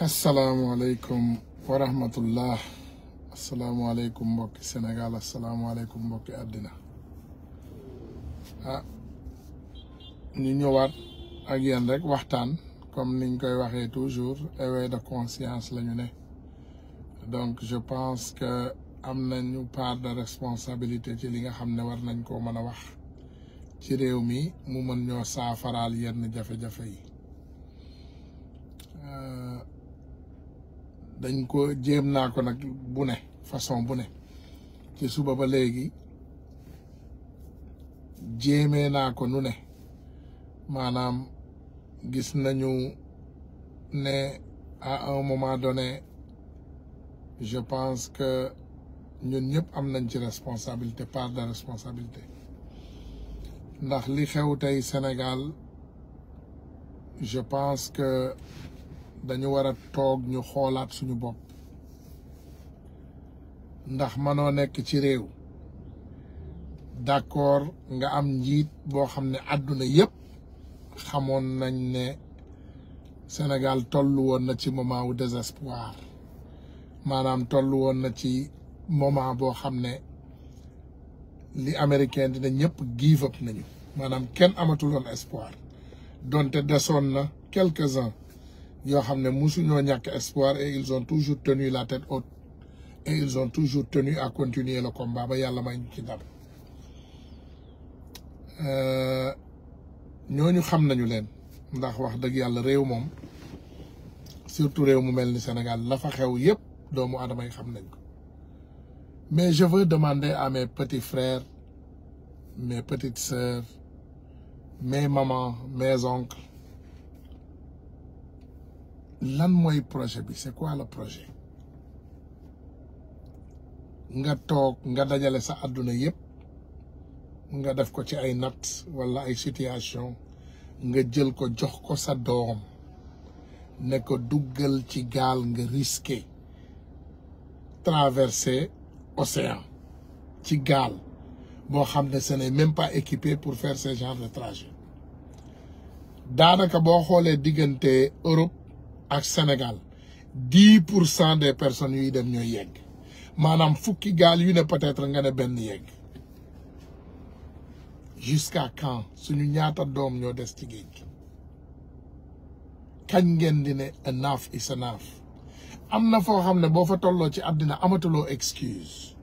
asalaamualeykum wa rahmatullah asalaamualeykum mbokki Sénégal asalaamualeykum mbokki àddina ah ñu ñëwaat ak yéen rek waxtaan comme niñ koy waxee toujours éveil de conscience la ñu ne donc je pense que am nañu part de responsabilité ci li nga xam ne war nañ koo mën a wax ci réew mi mu mën ñoo saafaraal yenn jafe-jafe yi euh, dañ ko jéem naa ko nag bu ne façon bu ne ci suba ba léegi jéemee naa ko nu ne maanaam gis nañu ne à un moment donné je pense que ñun ñëpp am nañ ci responsabilité part de responsabilité ndax li xew tey Sénégal je pense que dañu war a toog ñu xoolaat suñu bopp ndax mënoo nekk ci réew d'accord nga am njiit boo xam ne àdduna yépp xamoon nañ ne Sénégal tollu woon na ci moment wu désespoir maanaam tollu woon na ci moment boo xam ne li américain dina ñëpp give up nañu maanaam kenn amatul woon espoir donte desoon na quelques-uns yoo xam ne musuñoo ñàkk espoir et ils ont toujours tenu la tête haute et ils ont toujours tenu à continuer le combat ba yàlla may ñu ci ndam euh, ñooñu xam nañu leen ndax wax dëgg yàlla réew moom surtout réew mu mel ni Sénégal la fa xew yépp doomu aadama yi xam nañ ko mais je veux demander à mes petits frères mes petites sœurs mes mamans mes oncles lan mooy projet bi c'est quoi le projet nga toog nga dajale sa àdduna yépp nga def ko ci ay natt wala ay situation nga jël ko jox ko sa doom ne ko duggal ci gaal nga risqué traverser océan ci gaal boo xam ne ce n'est même pas équipé pour faire se genre de trajet daanaka boo xoolee diggante Europe ak Sénégal di pour cent des personnes yuy dem ñooy yegg maanaam fukki gaal yu ne peut-être nga ne benn yegg jusqu'à quand suñu ñaata doom ñoo des ci géej kañ ngeen di ne enough is enough am na foo xam ne boo fa tolloo ci àddina amatuloo excuse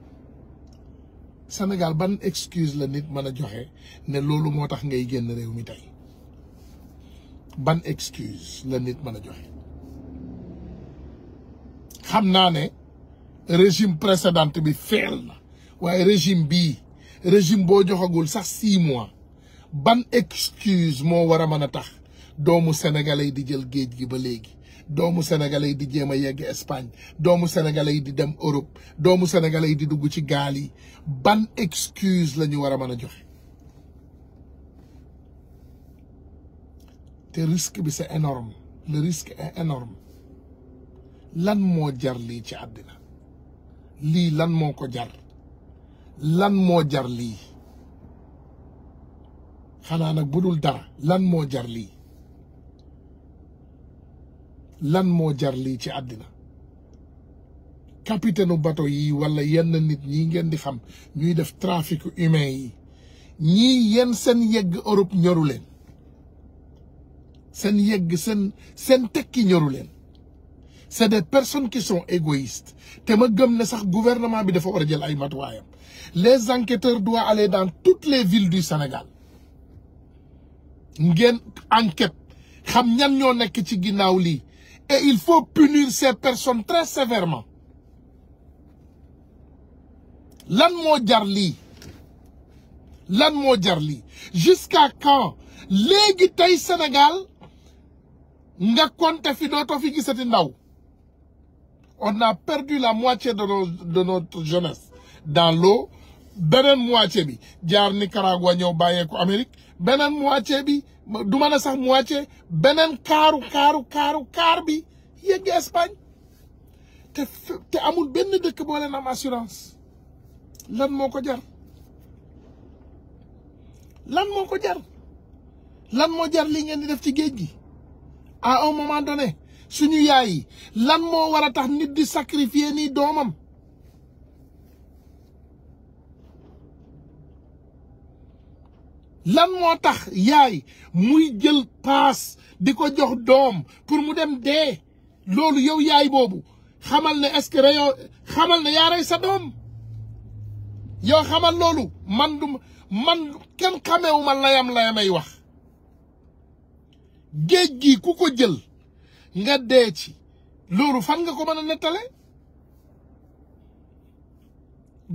Sénégal ban excuse la nit mën a joxe ne loolu moo tax ngay génn réew mi tey ban excuse la nit mën a joxe xam naa ne régime précédent bi feel na waaye régime bii régime boo joxagul sax six mois ban excuse moo war a mën a tax doomu sénégalais yi di jël géej gi ba léegi doomu sénégalais yi di jéem a yegg Espagne doomu sénégalais yi di dem Europe doomu sénégalais yi di dugg ci gaal yi ban excuse la ñu war a mën a joxe te risque bi c'est énorme le risque est énorme lan moo jar lii ci àddina lii lan moo ko jar lan moo jar lii xanaa nag bu dul dara lan moo jar lii lan moo jar lii ci àddina capitaine bateau yi walla yenn nit ñi ngeen di xam ñuy def trafiku humain yi ñii yenn seen yegg Europe ñoru leen seen yegg seen tekki ñoru leen c'est des personnes qui sont égoïstes te ma gëm na sax gouvernement bi dafa war a jël ay matuwaayam les enquêteurs doivent aller dans toutes les villes du Sénégal ngeen enquête xam ñan ñoo nekk ci ginnaaw lii et il faut punir ces personnes très sévèrement lan moo jar lii lan moo jar lii jusqu'à quand léegi tey Sénégal nga konte fi dootoo fi gisati ndaw on a perdu la moitié de nos de notre jeunesse dans l'eau beneen moitié bi jaar Nicaragua ñëw bàyyeeku Amérique beneen moitié bi du mën a sax beneen kaaru kaaru kaaru kaar bi yegg Espagne te te amul benn dëkk boo leen assurance lan moo ko jar lan moo ko jar lan moo jar li ngeen di def ci géej gi à un moment donné suñu yaay yi lan moo war a tax nit di sacrifier nii doomam lan moo tax yaay muy jël paas di ko jox doom pour mu dem dee loolu yow yaay boobu xamal ne est-ce que yow xamal ne yaa rey sa doom yow xamal loolu man du man kenn xamewu ma layam layamay wax géej gi ku ko jël nga dee ci loolu fan nga ko mën a nettale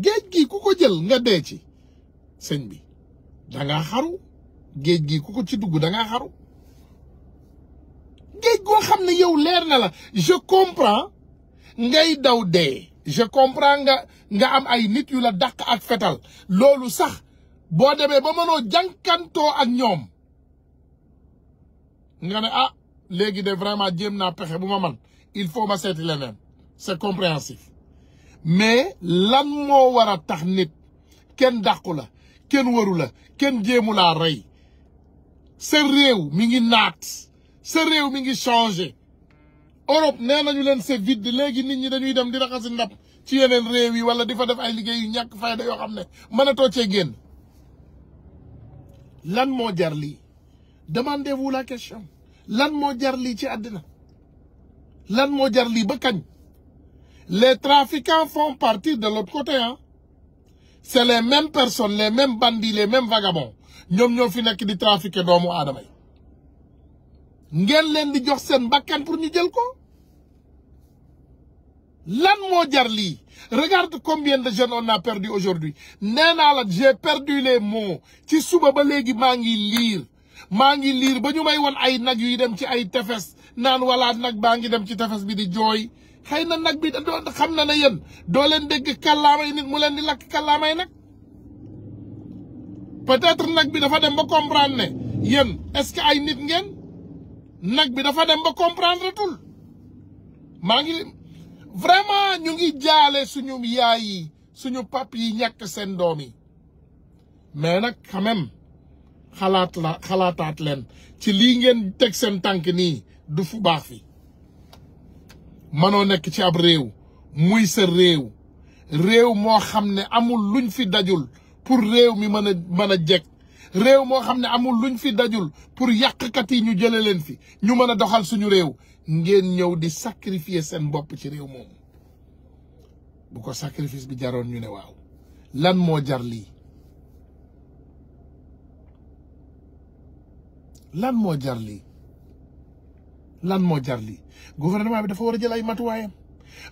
géej gi ku ko jël nga dee ci sëñ bi dangaa xaru géej gi ku ko ci dugg dangaa xaru géej goo xam ne yow leer na la je comprends ngay daw dee je comprends nga nga am ay nit yu la daq ak fetal loolu sax boo demee ba mënoo jànkantoo ak ñoom nga ne ah léegi de vraiment jéem naa pexe bu ma man il faut ma seeti leneen c'est compréhensif mais lan moo war a tax nit kenn dàqu la kenn waru la kenn jéemu laa rey sa réew mi ngi naat sa réew mi ngi changé Europe nee nañu leen c'est vide léegi nit ñi dañuy dem di raxasi ndab ci yeneen réew yi wala di fa def ay liggéey yu ñàkk fayda yoo xam ne mënatoo cee génn lan moo jar lii demandez-vous question lan moo jar lii ci àddina lan moo jar lii ba kañ les trafiquants font partie de l'autre côté ah c'est les mêmes personnes les mêmes bandits les mêmes ñoom ñoo fi nekk di trafiquer doomu aadama yi ngeen leen di jox seen bakkan pour ñu jël ko lan moo jar lii regarde combien de jeunes on a perdu aujourd'hui nee naa la j'ai perdu les ci suba ba léegi maa ngi liir maa ngi liir ba ñu may won ay nag yuy dem ci ay tefes naan wala nag baa ngi dem ci tefes bi di jooy xëy na nag bi doon xam na ne yéen doo leen dégg kàllaamay nit mu leen di lakk kallaamay nag peut-être nag bi dafa dem ba comprendre yéen est-ce que ay nit ngeen nag bi dafa dem ba comprendre tul maa ngi vraiment ñu ngi jaale suñu yaay yi suñu pap yi ñàkk seen doom yi mais nag quand xalaataat leen ci lii ngeen teg seen tànk nii du fu baax fi manoo nekk ci ab réew muy seen réew réew moo xam ne amul luñ fi dajul pour réew mi mën mën a jekk réew moo xam ne amul luñ fi dajul pour yàqkat yi ñu jële leen fi ñu mën a doxal suñu réew ngeen ñëw di sacrifier seen bopp ci réew moomu bu ko sacrifice bi jaroon ñu ne waaw lan moo jar lii lan moo jar lii lan moo jar lii gouvernement bi dafa war a jël ay matuwaayam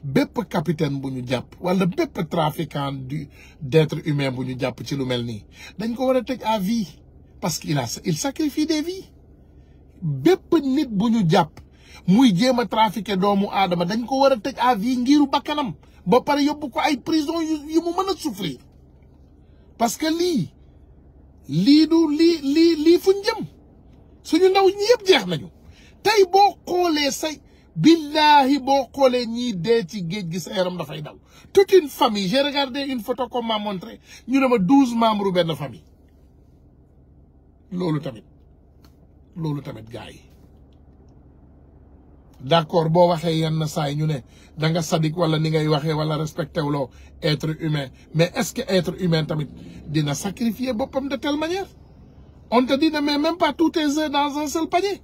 bépp capitaine bu ñu jàpp wala bépp trafiquant du d'être humain bu ñu jàpp ci lu mel nii dañ ko war a teg à vie parce que il a il sacrifie des vies bépp nit bu ñu jàpp muy jéem a trafiqué doomu aadama dañ ko war a teg à vie ngiru bakkanam ba pare yóbbu ko ay prison yu mu mën a souffrir parce que lii lii du lii lii lii fuñ suñu ndaw ñi yëpp jeex nañu tey boo xoolee say billahi boo xoolee ñiy dee ci géej gi sa yaram dafay daw toute une famille j'ai regardé une photo qu'on m'a montré ñu ne ma douze benn famille loolu tamit loolu tamit gars yi d'accord boo waxee yenn saa yi ñu ne da nga sadik wala ni ngay waxee wala respecté wuloo être humain mais est-ce que être humain tamit dina sacrifier boppam de telle manière on te na ne mais même pas tous tes œufs dans un seul panier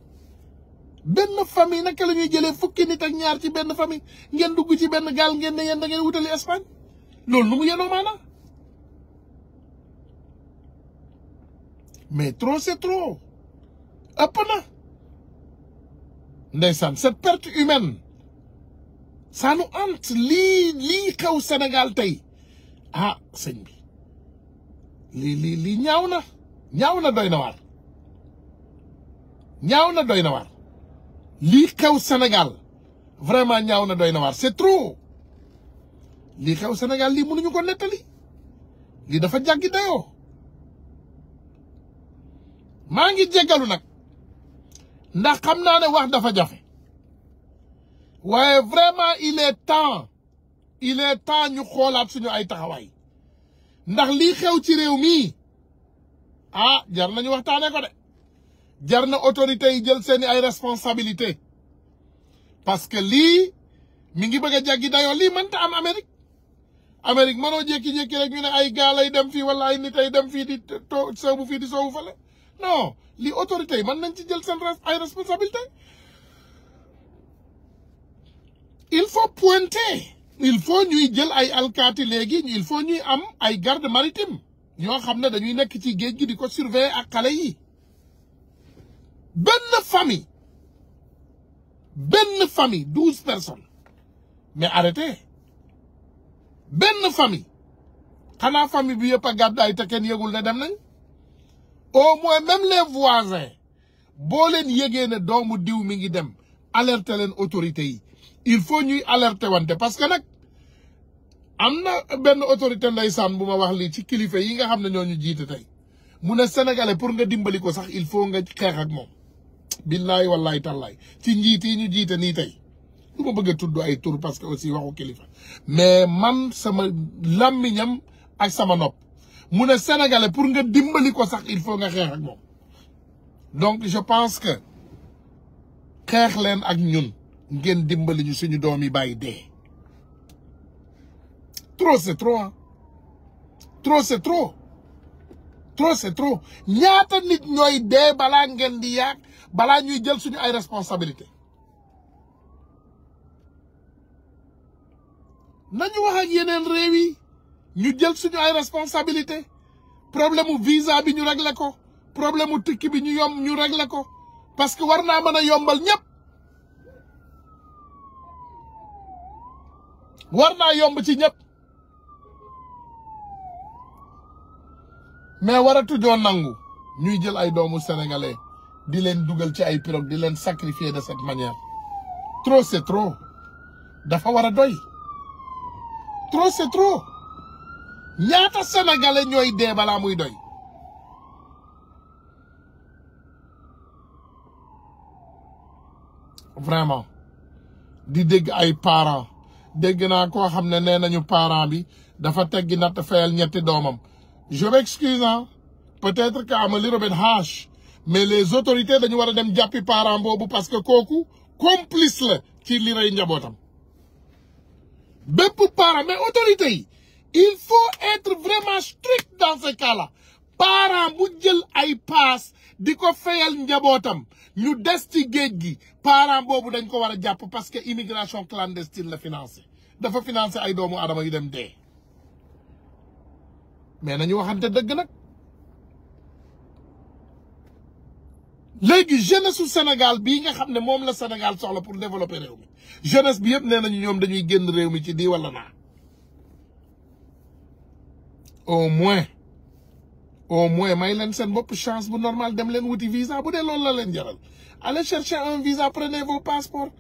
benn famille naka la ñuy jëlee fukki nit ak ñaar ci benn famille ngeen dugg ci benn gaal ngeen ne yéen da ngeen wutali Espagne loolu nu mu yénoo maanaa mais trop c'est trop ëpp na ndeysaan cette perte humaine ça nous lii lii xew senegal tey ah sëñ bi lii lii ñaaw na ñaaw na doy na waar ñaaw na doy na lii xew senegal vraiment ñaaw na doy na waar c'est trop lii xew senegal lii mënuñu ko nettali lii dafa jàggi dayoo maa ngi jéggalu nag ndax xam naa ne wax dafa jafe waaye vraiment il est temps il temps ñu xoolaat suñu ay taxawaay ndax lii xew ci réew mii ah jar nañu waxtaane ko de jar na autorités yi jël seeni ay responsabilité parce que lii mi ngi bëgg a jaggi dayoo lii mënta am Amérique Amérique mënoo jékki-jékki rek ñu ne ay gaalay dem fii wala ay nit dem fii di too soobu fii di soobu fale non lii autorités yi mën nañ ci jël seen ay responsabilité il faut pointer il faut ñuy jël ay alkaati léegi il faut ñuy am ay garde maritime yoo xam ne dañuy nekk ci géej gi di ko surveiller ak xale yi benn famille benn famille douze personnes mais arrêtez benn famille xanaa famille bi yëpp a gàddaay te kenn yëgul ne dem nañ au moins même les voisins boo leen yëgee ne doomu diw mi ngi dem alerter leen autorités yi il faut ñuy alerter wante parce que nag am na benn autorité ndeysaan bu ma wax lii ci kilifa yi nga xam ne ñoo ñu jiita tey mu ne sénégalais pour nga dimbali ko sax il faut nga xeex ak moom. billaay wallaay tallaay ci njiit yi ñu jiite nii tey du ma bëgg a tudd ay tur parce que aussi waxu kilifa mais man sama làmmiñam ak sama nopp mu ne sénégalais pour nga dimbali ko sax il faut nga xeex ak moom donc je pense que xeex leen ak ñun ngeen dimbali ñu suñu doom yi bàyyi dee. trop c'est trop ah trop c'est trop ñaata nit ñooy dee balaa ngeen di yàq balaa ñuy jël suñu ay responsabilité nañu wax yeneen réew yi ñu jël suñu ay responsabilité problème mu visa bi ñu réglé ko problème mu tukki bi ñu yomb ñu réglé ko parce que war naa mën a yombal ñëpp war naa yomb ci ñëpp mais waratuñoo nangu ñuy jël ay doomu sénégalais di leen dugal ci ay pirogue di leen sacrifier de cette manière trop c'est trop dafa war a doy trop c'est ñaata sénégalais ñooy dee balaa muy doy vraiment di dégg ay parents dégg naa koo xam ne nee nañu parent bi dafa teggi natt fayal ñetti doomam je m'excuse ah peut-être que am a little bit harsh mais les autorités dañu war a dem jàppi parent boobu parce que kooku complice la ci li rey njabootam bépp parent mais autorités yi il faut être vraiment strict dans ce cas-là bu jël ay paas di ko fayal njabootam ñu des ci géej gi parent boobu dañ ko war a jàpp parce que immigration clandestine la financé dafa financé ay doomu aadama yu dem dee mais nañu waxante dëgg nag léegi jeunesse su Sénégal bii nga xam ne moom la Sénégal soxla pour développer réew mi jeunesse bi yëpp nee nañu ñoom dañuy génn réew mi ci di walla naa au moins au moins may leen seen bopp chance bu normal dem leen wuti visa bu dee loolu la leen jaral allez chercher un visa prenez vos passeports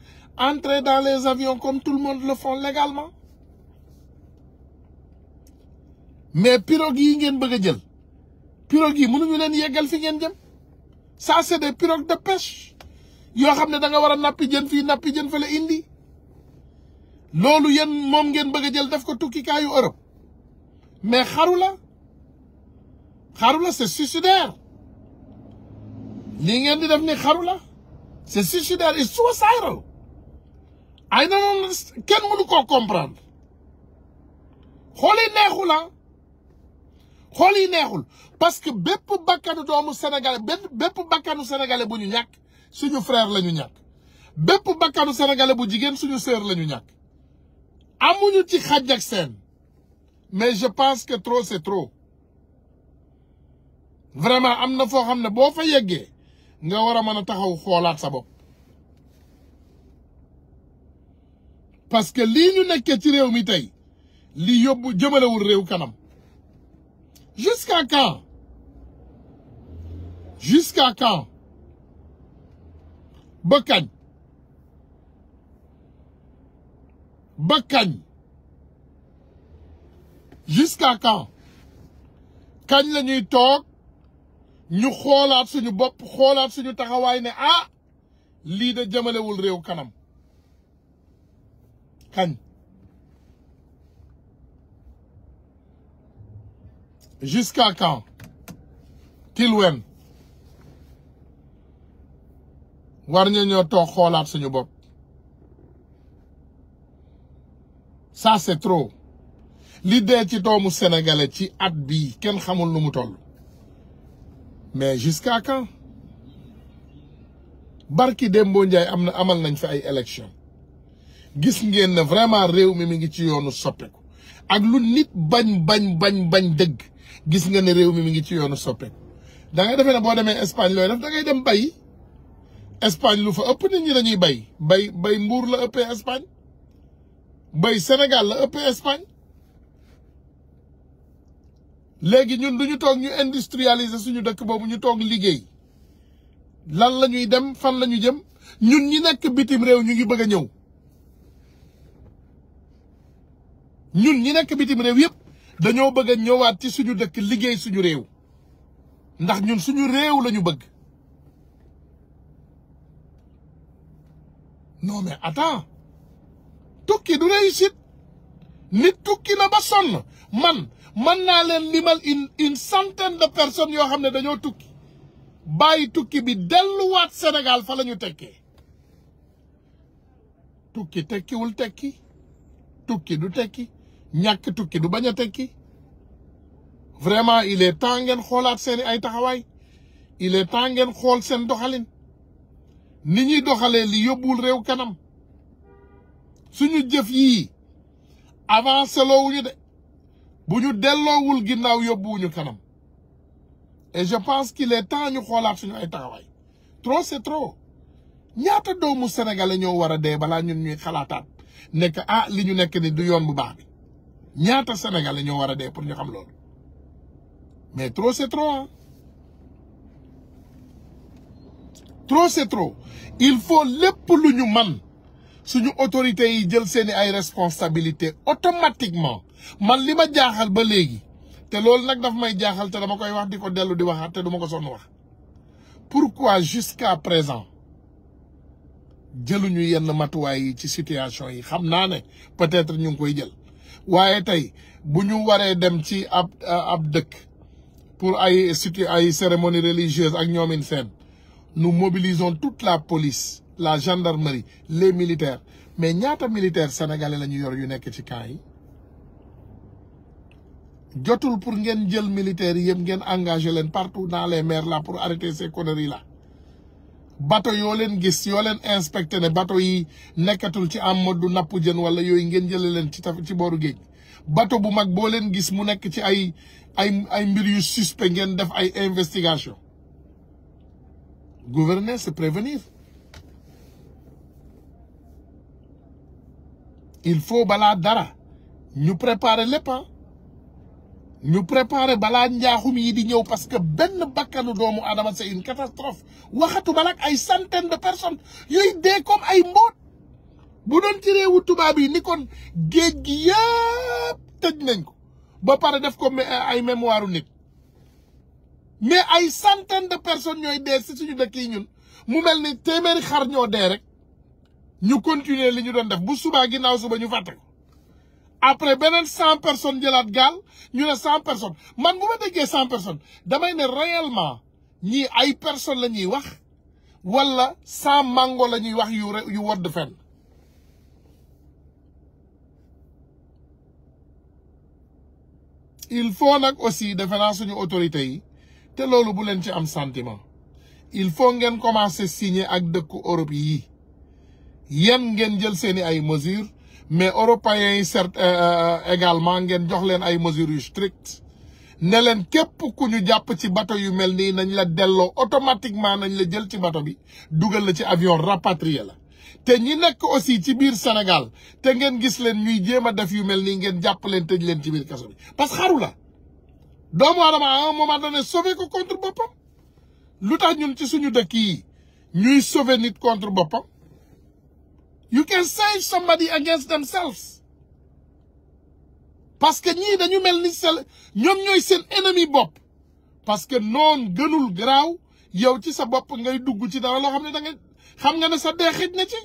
entrez dans les avions comme tout le monde le font légalement mais pirogue yi ngeen bëgg a jël pirogue yi mënuñu leen yeggal fi ngeen jëm ça c'est des pirogues de pêche yoo xam ne da nga war a nappi jën fii nappi jën fële indi loolu yéen moom ngeen bëgg a jël def ko tukkikaayu Europe mais xaru la xaru la c'est suicidaire lii ngeen di def ni xaru la c'est suicidaire et suicidal ay na noonu kenn mënu koo comprendre xooli neexu xool yi neexul parce que bépp bakkanu doomu sénégalais benn bépp bakkanu sénégalais bu ñu ñàkk suñu frère la ñu ñàkk bépp bakkanu sénégalais bu jigéen suñu sœur la ñu ñàkk amuñu ci xaj ak seen mais je pense que trop c'est trop vraiment am na foo xam ne boo fa yeggee nga war a mën a taxaw xoolaat sa bopp parce que lii ñu nekkee ci réew mi tey li yóbbu jëmalewul réew kanam Jusqu'à quand Jusqu'à quand ba kañ ba kañ jusqu'à quand kañ la toog ñu xoolaat suñu bopp xoolaat suñu taxawaay ne ah lii da jëmalewul réew kanam kañ Jusqu'à quand Till when war ñoo toog xoolaat suñu bopp ça c'est trop li dee ci doomu sénégalais ci at bi kenn xamul nu mu toll mais jusqu'à quand barki Dembo Ndiaye am na amal nañ fi ay élection gis ngeen ne vraiment réew mi mi ngi ci yoonu soppeku ak lu nit bañ bañ bañ bañ dëgg gis nga ne réew mi mi ngi ci yoonu soppeeku da ngay defee ne boo demee Espagne looy def dangay dem bay Espagne lu fa ëpp nit ñi dañuy bay bay bay Mbuur la ëppee Espagne bay Sénégal la ëppee Espagne léegi ñun du ñu toog ñu industrialiser suñu dëkk boobu ñu toog liggéey lan la ñuy dem fan la ñu jëm ñun ñi nekk bitim réew ñu ngi bëgg a ñëw ñun ñi nekk bitim réew yëpp dañoo bëgg ñëwaat ci suñu dëkk liggéey suñu réew ndax ñun suñu réew lañu bëgg non mais attends tukki du réussite nit tukki na ba sonn man mën naa leen limal une une centaine de personnes yoo xam ne dañoo tukki bàyyi tukki bi delluwaat Sénégal fa lañu tekkee tukki tekkiwul tekki tukki du tekki ñàkk tukki du bañ a tekki vraiment il est temps ngeen xoolaat seen ay taxawaay il est temps ngeen xool seen doxalin ni ñuy doxalee li yóbbuwul réew kanam suñu jëf yii avancé loowuñu de bu ñu delloowul ginnaaw yóbbuwuñu kanam et je pense qu'il est temps ñu xoolaat suñu ay taxawaay trop c'est trop ñaata doomu sénégalais ñoo war a dee balaa ñun ñuy xalaataat nekk ah li ñu nekk ni du yoon bu baax bi ñaata sénégalais ñoo war a dee pour ñu xam loolu mais trop c'est trop ah trop c'est trop il faut lépp lu ñu man suñu autorités yi jël seeni ay responsabilité automatiquement man li ma jaaxal ba léegi te loolu nag daf may jaaxal te dama koy wax di ko dellu di waxaat te duma ko sonn wax pourquoi jusqu'à présent jëluñu yenn matuwaay yi ci situation yi xam naa ne peut-être ñu ngi koy jël waaye tey bu ñu waree dem ci ab euh, ab dëkk pour ay situ ay cérémonie religieuse ak ñoomin seen nous mobilisons toute la police la gendarmerie les militaires mais ñaata militaire sénégalais la ñu yor yu nekk ci camp yi jotul pour ngeen jël militaires yi yëpp ngeen engagé leen partout dans les mers là pour arrêter ces conneries là bateau yoo leen gis yoo leen inspecté ne bateau yi nekkatul ci am mode du napp jën wala yooyu ngeen jële leen ci taf ci booru géej bato bu mag boo leen gis mu nekk ci ay ay ay mbir yu suspect ngeen def ay investigation gouverner c'est prévenir il faut balaa dara ñu préparer lépp ñu préparé balaa njaaxum yi di ñëw parce que benn bakkanu doomu adama c'est une catastrophe waxatu balak ay centaine de personnes yooyu dee comme ay mboot bu doon ci réewu tubaab yi ni kon géej gi yëpp tëj nañ ko ba pare def ko ay mémoire nit mais ay centaine de personnes ñooy dee si suñu dëkk yi ñun mu mel ni téeméeri xar ñoo dee rek ñu continuer li ñu doon def bu subaa ginnaaw suba ñu fàtte ko après beneen cent personnes jëlaat gaal ñu ne cent personnes man bu ma déggee cent personne damay ne réellement ñii ay personnes la ñuy wax wala cent mango la ñuy wax yu yu wodd fen il faut nag aussi defe suñu autorités yi te loolu bu leen ci am sentiment il faut ngeen commencer signe ak dëkku Europe yi yéen ngeen jël seeni ay mesures mais européens yi certes euh, euh, euh, également ngeen jox leen ay mesures yu ne leen képp ku ñu jàpp ci bateau yu mel nii nañ la delloo automatiquement nañ la jël ci bateau bi dugal na ci avion rapatrié la te ñi nekk aussi ci biir Sénégal te ngeen gis leen ñuy jéem a def yu mel nii ngeen jàpp leen tëj leen ci biir kaso bi parce que xaru la doomu aadama à un moment donné sauver ko contre boppam lu tax ñun ci suñu dëkk yi ñuy sauver nit contre boppam you can save somebody against themselves parce que ñii dañu mel ni sel ñoom ñooy seen ennemi bopp parce que noon gënul garaaw yow ci sa bopp ngay dugg ci dara loo xam ne da nga xam nga ne sa dee xëj na ci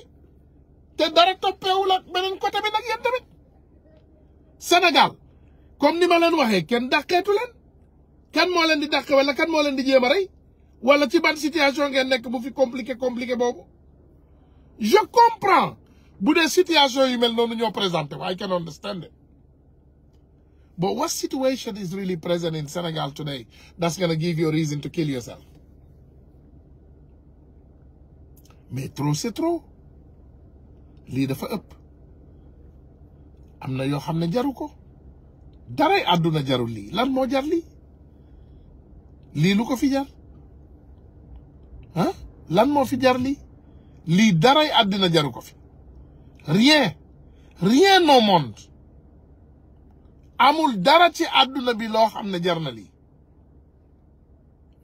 te dara toppeewul ak beneen côté bi nag yéen tamit Sénégal comme ni ma leen waxee kenn dàqeetu leen kan moo leen di dàq wala kan moo leen di jéem a rey wala ci ban situation ngeen nekk bu fi compliqué compliqué boobu je comprends bu dee situation yu mel noonu ñoo présenté I can understand it but what situation is really present in Senegal today that's gonna give you a reason to kill yourself mais trop c'est trop lii dafa ëpp am na yoo xam ne jaru ko daray àdduna jarul li lan moo jar lii lii lu ko fi jar lan moo fi jar lii daray àddina jaru ko fi rien rien au monde amul dara ci àdduna bi loo am ne jar na lii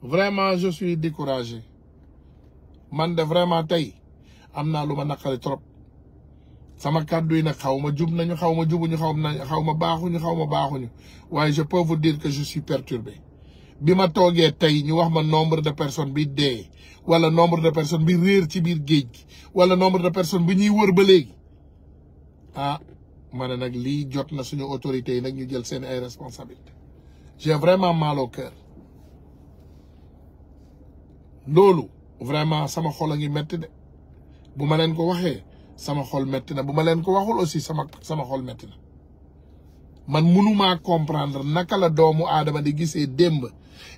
vraiment je suis man de vraiment tey am naa lu ma naqari trop sama kàddu yi nag xaw ma jub nañu xaw ma jubuñu xaw ma xaw ma baaxuñu xaw ma ñu waaye je peux vous dire que je suis bi ma toogee tey ñu wax ma nombre de personne bi dee wala nombre de personnes bi réer ci biir géej gi wala nombre de personnes bi ñuy wër ba léegi ah ma ne nag lii jot na suñu autorités yi nag ñu jël seen ay responsabilités j'ai vraiment malo au loolu vraiment sama xol a ngi metti de bu ma leen ko waxee sama xol metti na bu ma leen ko waxul aussi sama sama xol metti na man mënumaa comprendre naka la doomu aadama di gisee démb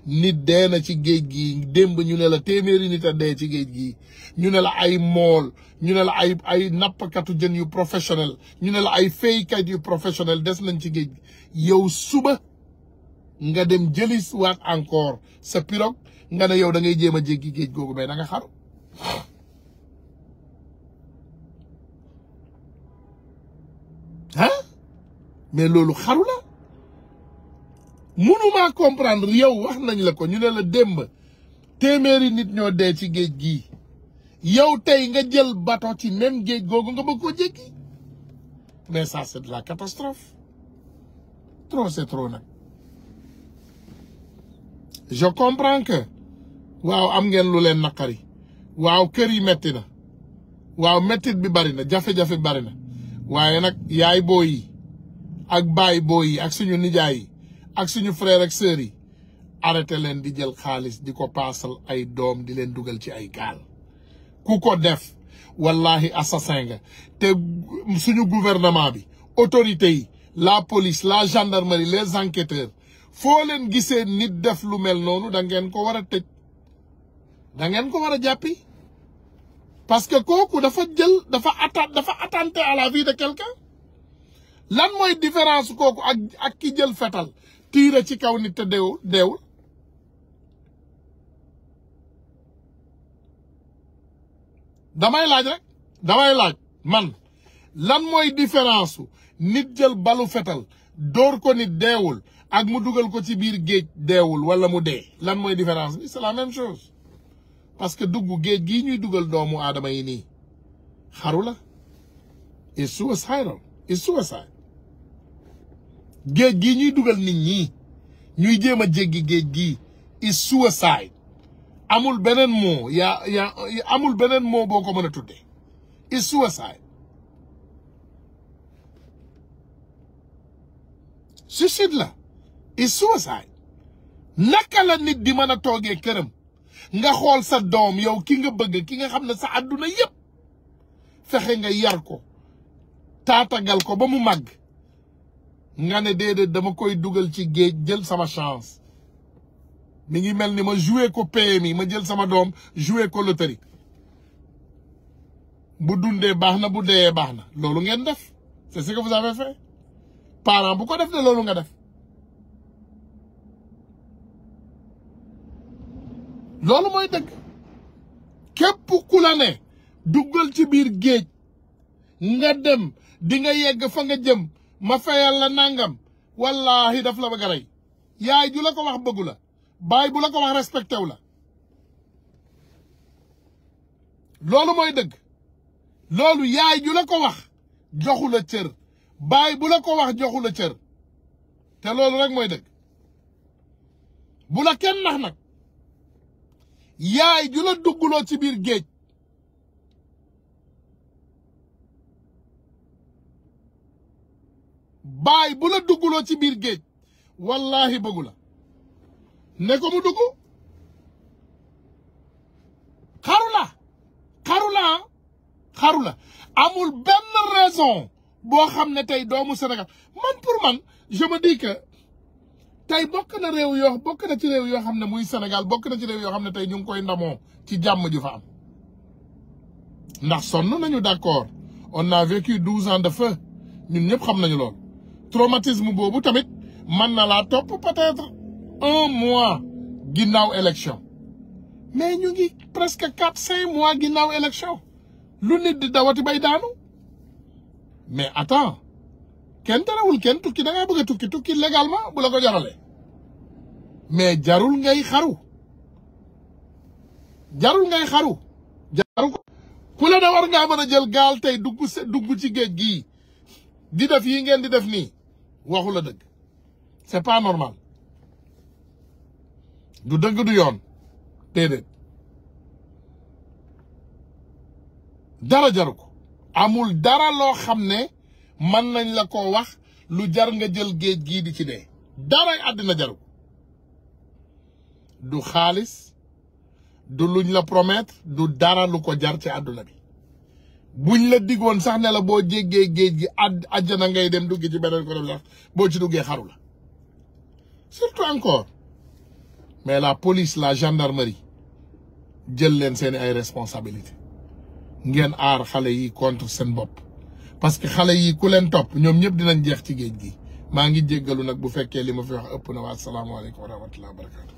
nit dee na ci géej gi démb ñu ne la téeméeri nit a dee ci géej gi ñu ne la ay mool ñu ne la ay ay nappkatu jën yu professionel ñu ne la ay feykat yu professionel des nañ ci géej gi yow suba nga dem jëli waat encore sa pirogue nga ne yow dangay jéem a jéggi géej googu mais da nga xaru ah mais loolu xaru la mënumaa comprendre yow wax nañ la ko ñu ne la démb téeméeri nit ñoo dee ci géej gi yow tey nga jël bato ci même géej googu nga bëgg koo jéggi mais ça c'est la catastrophe trop c'est je comprends waaw am ngeen lu leen naqari waaw kër yi metti na waaw mettit bi bari na jafe-jafe bari na waaye nag yaay booy yi ak baay boo yi ak suñu nijaay yi ak suñu frères ak sœurs yi arrêté leen di jël xaalis di ko paasal ay doom di leen dugal ci ay gaal ku ko def wallahi assassin nga te suñu gouvernement bi autorité yi la police la gendarmerie les enquêteurs foo leen gisee nit def lu mel noonu da ngeen ko war a tëj da ngeen ko war a jàppi parce que kooku dafa jël dafa atta dafa attenté à la vie de quelqu'un lan mooy différence kooku ak ak ki jël fetal tiire ci kaw nit te deewul damay laaj rek damay laaj man lan mooy différence su nit jël balu fetal dóor ko nit deewul ak mu dugal ko ci biir géej deewul wala mu dee lan mooy différence bi c'est la même chose parce que dugg géej gii ñuy dugal doomu aadama yi nii xarula la it's suicidal it's suicide géej gi ñuy dugal nit ñi ñuy jéem a jéggi géej gi is suicide amul beneen moo yaa yaa amul beneen moo boo ko mën a tuddee is suicide suicide la is suicide naka la nit di mën a toogee këram nga xool sa doom yow ki nga bëgg ki nga xam ne sa àdduna yépp fexe nga yar ko taatagal ko ba mu màgg nga ne déedéet dama koy dugal ci géej jël sama chance mi ngi mel ni ma joué ko PMI ma jël sama doom joué ko loterie bu dundee baax na bu deyee baax na loolu ngeen def c'est ce que vous avez fait parent bu ko def de loolu nga def loolu mooy dëgg képp ku la ne duggal ci biir géej nga dem di nga yegg fa nga jëm ma fayal la nangam wallaahi daf la bëgg a yaay ju la ko wax bëggu la baay bu la ko wax respecté wu la loolu mooy dëgg loolu yaay ju la ko wax joxu la cër baay bu la ko wax joxu la cër te loolu rek mooy dëgg bu la kenn nax nag yaay ju la dugguloo ci biir géej baay bu la dugguloo ci biir géej wallaahi bëggu la ne ko mu dugg xaru la xaru la xaru la amul benn raison boo xam ne tey doomu Sénégal man pour man je me dis tey bokk na réew yoo bokk na ci réew yoo xam ne muy Sénégal bokk na ci réew yoo xam ne tey ñu ngi koy ndamoo ci jàmm ju fa am ndax sonn nañu d'accord on a vécu douze ans de feu ñun ñëpp xam nañu lool traumatisme boobu tamit mën na laa topp peut-être un mois ginnaaw élection mais ñu ngi presque quatre cinq mois ginnaaw élection lu nit di dawati bay daanu mais attends kenn terewul kenn tukki da ngay bëgg a tukki tukki légalement bu la ko jarale mais jarul ngay xaru jarul ngay xaru jaru ko ku la ne war ngaa mën a jël gaal tey dugg dugg ci géej gi di def yi ngeen di def nii waxu la dëgg c'est pas normal du dëgg du yoon déedéet dara jaru ko amul dara loo xam ne mën nañ la ko wax lu jar nga jël géej gii di ci dee dara àddina jaru ko du xaalis du luñ la promettre du dara lu ko jar ci àdduna bi buñ la diggoon sax ne la boo jéggee géej gi ad àjjana ngay dem dugg ci beneen côté la boo ci duggee xaru la surtout encore mais la police la gendarmerie jël leen seeni ay responsabilité ngeen aar xale yi contre seen bopp parce que xale yi ku leen topp ñoom ñëpp dinañ jeex ci géej gi maa ngi jéggalu nag bu fekkee li ma fi wax ëpp na waa asalaamaaleykum wa rahmatulah wa barakatu